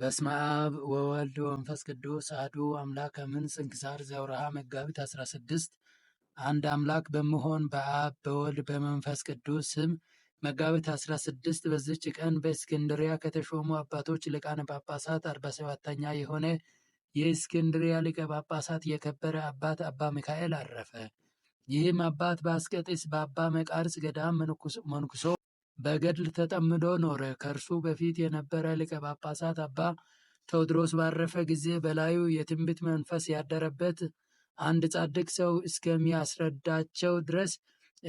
በስመ አብ ወወልድ ወመንፈስ ቅዱስ አሐዱ አምላክ አሜን። ስንክሳር ዘወርኃ መጋቢት 16 አንድ አምላክ በመሆን በአብ በወልድ በመንፈስ ቅዱስ ስም መጋቢት 16 በዚች ቀን በእስክንድሪያ ከተሾሙ አባቶች ሊቃነ ጳጳሳት 47ኛ የሆነ የእስክንድሪያ ሊቀ ጳጳሳት የከበረ አባት አባ ሚካኤል አረፈ። ይህም አባት በአስቄጥስ በአባ መቃርስ ገዳም መንኩሶ በገድል ተጠምዶ ኖረ። ከእርሱ በፊት የነበረ ሊቀ ጳጳሳት አባ ቴዎድሮስ ባረፈ ጊዜ በላዩ የትንቢት መንፈስ ያደረበት አንድ ጻድቅ ሰው እስከሚያስረዳቸው ድረስ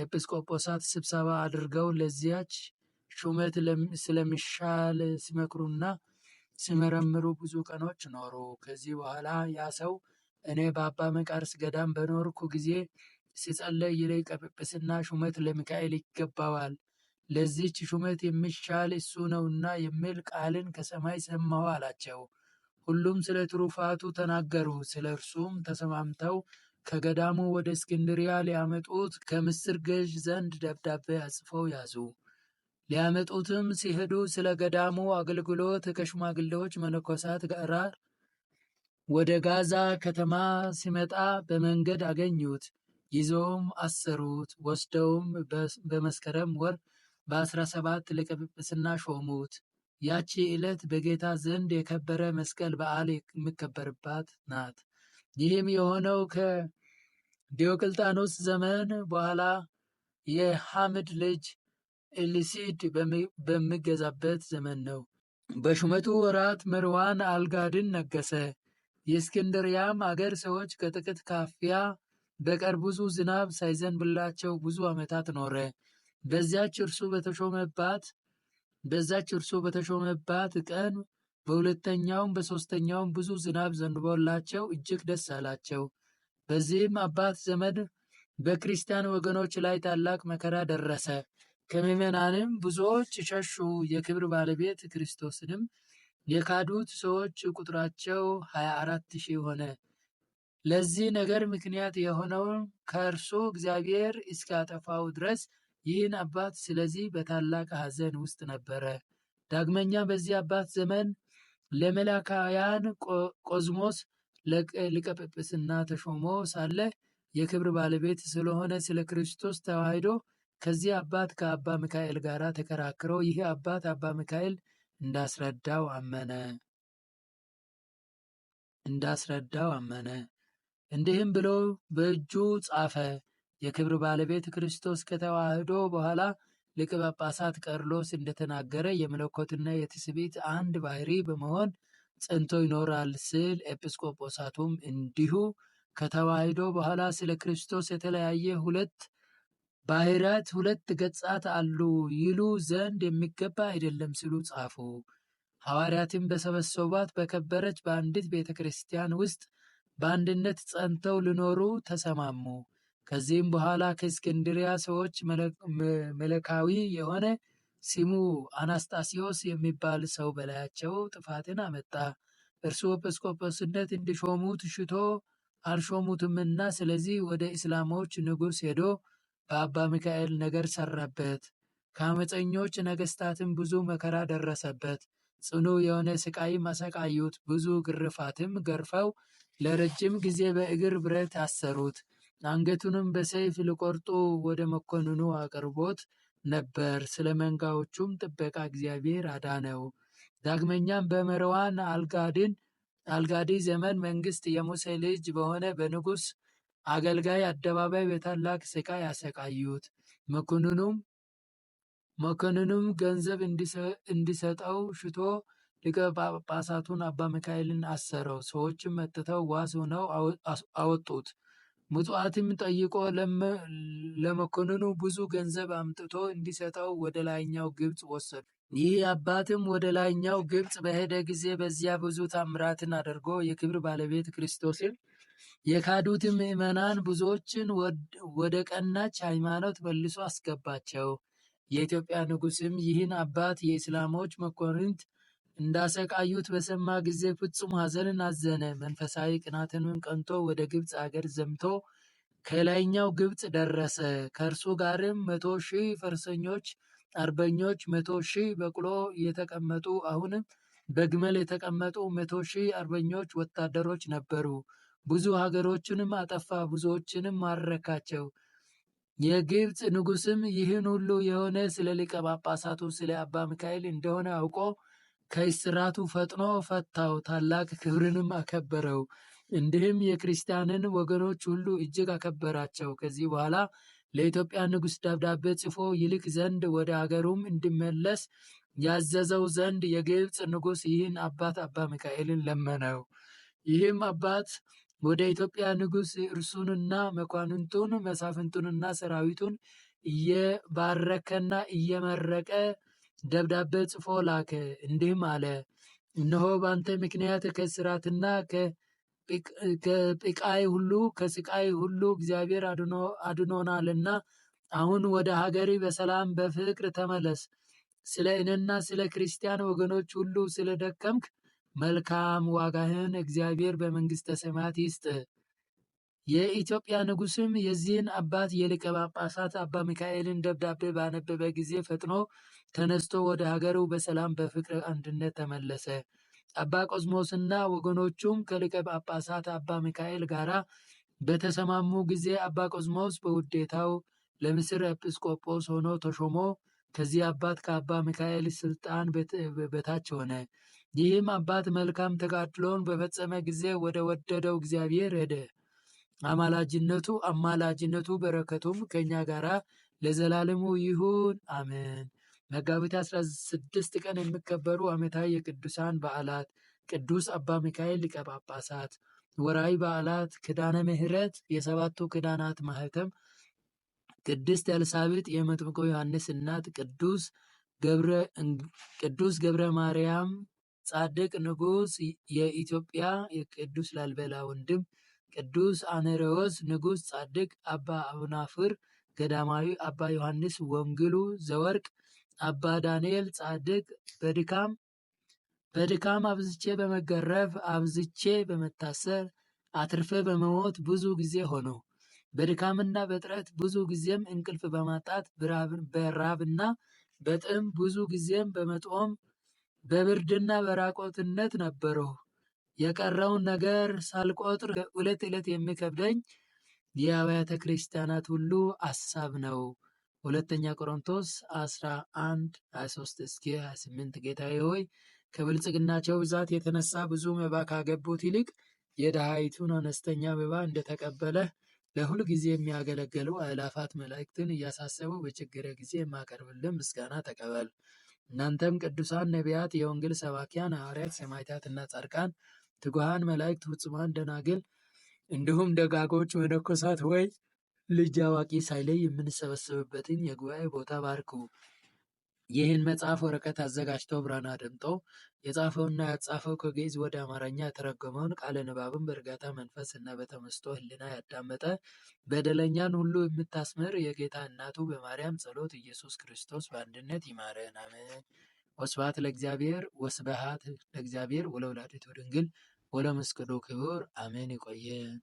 ኤጲስቆጶሳት ስብሰባ አድርገው ለዚያች ሹመት ስለሚሻል ሲመክሩና ሲመረምሩ ብዙ ቀኖች ኖሩ። ከዚህ በኋላ ያ ሰው እኔ በአባ መቃርስ ገዳም በኖርኩ ጊዜ ሲጸለይ ይልቅ ጵጵስና ሹመት ለሚካኤል ይገባዋል ለዚች ሹመት የሚሻል እሱ ነውና የሚል ቃልን ከሰማይ ሰማሁ አላቸው። ሁሉም ስለ ትሩፋቱ ተናገሩ። ስለ እርሱም ተሰማምተው ከገዳሙ ወደ እስክንድሪያ ሊያመጡት ከምስር ገዥ ዘንድ ደብዳቤ አጽፈው ያዙ። ሊያመጡትም ሲሄዱ ስለ ገዳሙ አገልግሎት ከሽማግሌዎች መነኮሳት ጋር ወደ ጋዛ ከተማ ሲመጣ በመንገድ አገኙት። ይዘውም አሰሩት። ወስደውም በመስከረም ወር በአሥራ ሰባት ለቅጵስና ሾሙት። ያቺ ዕለት በጌታ ዘንድ የከበረ መስቀል በዓል የሚከበርባት ናት። ይህም የሆነው ከዲዮቅልጣኖስ ዘመን በኋላ የሐምድ ልጅ ኤሊሲድ በሚገዛበት ዘመን ነው። በሹመቱ ወራት መርዋን አልጋድን ነገሰ። የእስክንድርያም አገር ሰዎች ከጥቂት ካፊያ በቀር ብዙ ዝናብ ሳይዘንብላቸው ብዙ ዓመታት ኖረ። በዚያች እርሱ በተሾመባት በዛች እርሱ በተሾመባት ቀን በሁለተኛውም በሦስተኛውም ብዙ ዝናብ ዘንቦላቸው እጅግ ደስ አላቸው። በዚህም አባት ዘመድ በክርስቲያን ወገኖች ላይ ታላቅ መከራ ደረሰ። ከምዕመናንም ብዙዎች ሸሹ። የክብር ባለቤት ክርስቶስንም የካዱት ሰዎች ቁጥራቸው 24 ሺህ ሆነ። ለዚህ ነገር ምክንያት የሆነውን ከእርሱ እግዚአብሔር እስኪያጠፋው ድረስ ይህን አባት ስለዚህ በታላቅ ሐዘን ውስጥ ነበረ። ዳግመኛ በዚህ አባት ዘመን ለመላካውያን ቆዝሞስ ሊቀ ጵጵስና ተሾሞ ሳለ የክብር ባለቤት ስለሆነ ስለ ክርስቶስ ተዋሕዶ ከዚህ አባት ከአባ ሚካኤል ጋር ተከራክረው ይህ አባት አባ ሚካኤል እንዳስረዳው አመነ እንዳስረዳው አመነ። እንዲህም ብሎ በእጁ ጻፈ። የክብር ባለቤት ክርስቶስ ከተዋህዶ በኋላ ሊቀ ጳጳሳት ቀርሎስ እንደተናገረ የመለኮትና የትስብእት አንድ ባህሪ በመሆን ጸንቶ ይኖራል ስል ኤጲስቆጶሳቱም እንዲሁ ከተዋህዶ በኋላ ስለ ክርስቶስ የተለያየ ሁለት ባህርያት ሁለት ገጻት አሉ ይሉ ዘንድ የሚገባ አይደለም ሲሉ ጻፉ። ሐዋርያትም በሰበሰቧት በከበረች በአንዲት ቤተ ክርስቲያን ውስጥ በአንድነት ጸንተው ሊኖሩ ተሰማሙ። ከዚህም በኋላ ከእስክንድሪያ ሰዎች መለካዊ የሆነ ሲሙ አናስታሲዮስ የሚባል ሰው በላያቸው ጥፋትን አመጣ። እርሱ ኤጲስቆጶስነት እንዲሾሙት ሽቶ አልሾሙትምና፣ ስለዚህ ወደ እስላሞች ንጉሥ ሄዶ በአባ ሚካኤል ነገር ሰራበት። ከአመፀኞች ነገሥታትም ብዙ መከራ ደረሰበት። ጽኑ የሆነ ስቃይ ማሰቃዩት። ብዙ ግርፋትም ገርፈው ለረጅም ጊዜ በእግር ብረት አሰሩት። አንገቱንም በሰይፍ ልቆርጦ ወደ መኮንኑ አቅርቦት ነበር። ስለ መንጋዎቹም ጥበቃ እግዚአብሔር አዳነው። ዳግመኛም በመርዋን አልጋዲ ዘመን መንግስት የሙሴ ልጅ በሆነ በንጉሥ አገልጋይ አደባባይ በታላቅ ስቃይ አሰቃዩት። መኮንኑም ገንዘብ እንዲሰጠው ሽቶ ሊቀ ጳጳሳቱን አባ ሚካኤልን አሰረው። ሰዎችም መጥተው ዋስ ሆነው አወጡት። ምጽዋትም ጠይቆ ለመኮንኑ ብዙ ገንዘብ አምጥቶ እንዲሰጠው ወደ ላይኛው ግብፅ ወሰዱ። ይህ አባትም ወደ ላይኛው ግብፅ በሄደ ጊዜ በዚያ ብዙ ታምራትን አድርጎ የክብር ባለቤት ክርስቶስን የካዱት ምዕመናን ብዙዎችን ወደ ቀናች ሃይማኖት መልሶ አስገባቸው። የኢትዮጵያ ንጉሥም ይህን አባት የእስላሞች መኮንንት እንዳሰቃዩት በሰማ ጊዜ ፍጹም ሐዘንን አዘነ። መንፈሳዊ ቅናትንም ቀንቶ ወደ ግብፅ አገር ዘምቶ ከላይኛው ግብፅ ደረሰ። ከእርሱ ጋርም መቶ ሺህ ፈረሰኞች፣ አርበኞች፣ መቶ ሺህ በቅሎ የተቀመጡ አሁንም በግመል የተቀመጡ መቶ ሺህ አርበኞች ወታደሮች ነበሩ። ብዙ ሀገሮችንም አጠፋ፣ ብዙዎችንም ማረካቸው። የግብፅ ንጉሥም ይህን ሁሉ የሆነ ስለ ሊቀ ጳጳሳቱ ስለ አባ ሚካኤል እንደሆነ አውቆ ከእስራቱ ፈጥኖ ፈታው፣ ታላቅ ክብርንም አከበረው። እንዲህም የክርስቲያንን ወገኖች ሁሉ እጅግ አከበራቸው። ከዚህ በኋላ ለኢትዮጵያ ንጉሥ ደብዳቤ ጽፎ ይልክ ዘንድ ወደ አገሩም እንዲመለስ ያዘዘው ዘንድ የግብፅ ንጉሥ ይህን አባት አባ ሚካኤልን ለመነው። ይህም አባት ወደ ኢትዮጵያ ንጉሥ እርሱንና መኳንንቱን መሳፍንቱንና ሰራዊቱን እየባረከና እየመረቀ ደብዳቤ ጽፎ ላከ፣ እንዲህም አለ፣ እነሆ በአንተ ምክንያት ከስራትና ከስቃይ ሁሉ ከስቃይ ሁሉ እግዚአብሔር አድኖናልና አሁን ወደ ሀገሪ በሰላም በፍቅር ተመለስ። ስለ እኔና ስለ ክርስቲያን ወገኖች ሁሉ ስለ ደከምክ መልካም ዋጋህን እግዚአብሔር በመንግሥተ ሰማያት ይስጥህ። የኢትዮጵያ ንጉስም የዚህን አባት የሊቀ ጳጳሳት አባ ሚካኤልን ደብዳቤ ባነበበ ጊዜ ፈጥኖ ተነስቶ ወደ ሀገሩ በሰላም በፍቅር አንድነት ተመለሰ። አባ ቆስሞስና ወገኖቹም ከሊቀ ጳጳሳት አባ ሚካኤል ጋር በተሰማሙ ጊዜ አባ ቆስሞስ በውዴታው ለምስር ኤጲስቆጶስ ሆኖ ተሾሞ ከዚህ አባት ከአባ ሚካኤል ስልጣን በታች ሆነ። ይህም አባት መልካም ተጋድሎን በፈጸመ ጊዜ ወደ ወደደው እግዚአብሔር ሄደ። አማላጅነቱ አማላጅነቱ በረከቱም ከኛ ጋራ ለዘላለሙ ይሁን አሜን። መጋቢት 16 ቀን የሚከበሩ ዓመታዊ የቅዱሳን በዓላት ቅዱስ አባ ሚካኤል ሊቀ ጳጳሳት። በዓላት ክዳነ ምሕረት የሰባቱ ክዳናት ማህተም ቅድስት ኤልሳቤጥ የመጥምቆ ዮሐንስ እናት፣ ቅዱስ ቅዱስ ገብረ ማርያም ጻድቅ ንጉሥ የኢትዮጵያ፣ የቅዱስ ላሊበላ ወንድም ቅዱስ አኖሬዎስ ንጉሥ ጻድቅ፣ አባ አቡናፍር ገዳማዊ፣ አባ ዮሐንስ ወንግሉ ዘወርቅ፣ አባ ዳንኤል ጻድቅ በድካም አብዝቼ በመገረፍ፣ አብዝቼ በመታሰር፣ አትርፈ በመሞት ብዙ ጊዜ ሆነው በድካምና በጥረት ብዙ ጊዜም እንቅልፍ በማጣት በራብና በጥም ብዙ ጊዜም በመጦም በብርድና በራቆትነት ነበረው። የቀረውን ነገር ሳልቆጥር ዕለት ዕለት የሚከብደኝ የአብያተ ክርስቲያናት ሁሉ አሳብ ነው። ሁለተኛ ቆሮንቶስ 11 23 እስከ 28 ጌታዬ ሆይ ከብልጽግናቸው ብዛት የተነሳ ብዙ መባ ካገቡት ይልቅ የድሃይቱን አነስተኛ መባ እንደተቀበለ ለሁል ጊዜ የሚያገለግሉ አእላፋት መላእክትን እያሳሰቡ በችግረ ጊዜ የማቀርብልን ምስጋና ተቀበል። እናንተም ቅዱሳን ነቢያት፣ የወንጌል ሰባኪያን ሐዋርያት፣ ሰማይታትና ጻድቃን ትጉሃን መላእክት፣ ፍጹማን ደናግል እንዲሁም ደጋጎች መነኮሳት ወይ ልጅ አዋቂ ሳይለይ የምንሰበሰብበትን የጉባኤ ቦታ ባርኩ። ይህን መጽሐፍ ወረቀት አዘጋጅተው ብራና ደምጠው የጻፈውና ያጻፈው ከግዕዝ ወደ አማርኛ የተረጎመውን ቃለ ንባብን በእርጋታ መንፈስ እና በተመስጦ ሕሊና ያዳመጠ በደለኛን ሁሉ የምታስምር የጌታ እናቱ በማርያም ጸሎት ኢየሱስ ክርስቶስ በአንድነት ይማረን። አሜን። ወስብሐት ለእግዚአብሔር ወስብሐት ለእግዚአብሔር ወለወላዲቱ ድንግል ወደ ወለመስቀሉ ክብር አሜን። ይቆየን።